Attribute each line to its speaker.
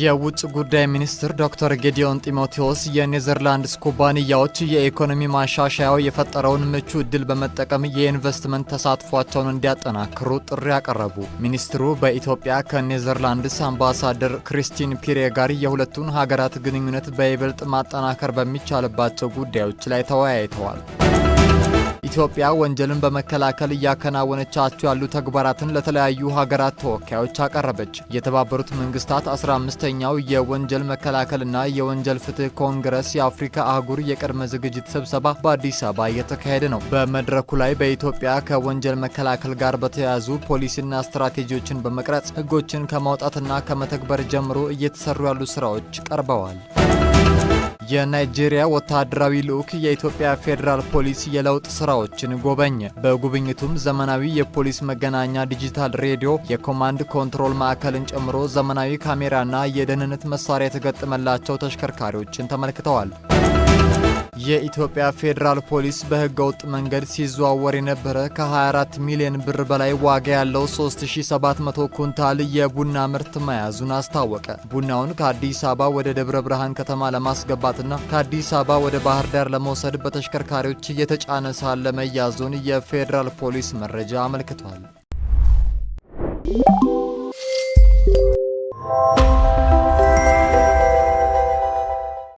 Speaker 1: የውጭ ጉዳይ ሚኒስትር ዶክተር ጌዲዮን ጢሞቴዎስ የኔዘርላንድስ ኩባንያዎች የኢኮኖሚ ማሻሻያው የፈጠረውን ምቹ ዕድል በመጠቀም የኢንቨስትመንት ተሳትፏቸውን እንዲያጠናክሩ ጥሪ አቀረቡ። ሚኒስትሩ በኢትዮጵያ ከኔዘርላንድስ አምባሳደር ክሪስቲን ፒሬ ጋር የሁለቱን ሀገራት ግንኙነት በይበልጥ ማጠናከር በሚቻልባቸው ጉዳዮች ላይ ተወያይተዋል። ኢትዮጵያ ወንጀልን በመከላከል እያከናወነቻቸው ያሉ ተግባራትን ለተለያዩ ሀገራት ተወካዮች አቀረበች። የተባበሩት መንግስታት 15ኛው የወንጀል መከላከልና የወንጀል ፍትህ ኮንግረስ የአፍሪካ አህጉር የቅድመ ዝግጅት ስብሰባ በአዲስ አበባ እየተካሄደ ነው። በመድረኩ ላይ በኢትዮጵያ ከወንጀል መከላከል ጋር በተያያዙ ፖሊሲና ስትራቴጂዎችን በመቅረጽ ህጎችን ከማውጣትና ከመተግበር ጀምሮ እየተሰሩ ያሉ ስራዎች ቀርበዋል። የናይጄሪያ ወታደራዊ ልዑክ የኢትዮጵያ ፌዴራል ፖሊስ የለውጥ ስራዎችን ጎበኘ። በጉብኝቱም ዘመናዊ የፖሊስ መገናኛ፣ ዲጂታል ሬዲዮ፣ የኮማንድ ኮንትሮል ማዕከልን ጨምሮ ዘመናዊ ካሜራና የደህንነት መሳሪያ የተገጠመላቸው ተሽከርካሪዎችን ተመልክተዋል። የኢትዮጵያ ፌዴራል ፖሊስ በህገወጥ መንገድ ሲዘዋወር የነበረ ከ24 ሚሊዮን ብር በላይ ዋጋ ያለው 3700 ኩንታል የቡና ምርት መያዙን አስታወቀ። ቡናውን ከአዲስ አበባ ወደ ደብረ ብርሃን ከተማ ለማስገባትና ከአዲስ አበባ ወደ ባህር ዳር ለመውሰድ በተሽከርካሪዎች እየተጫነ ሳለ መያዙን የፌዴራል ፖሊስ መረጃ አመልክቷል።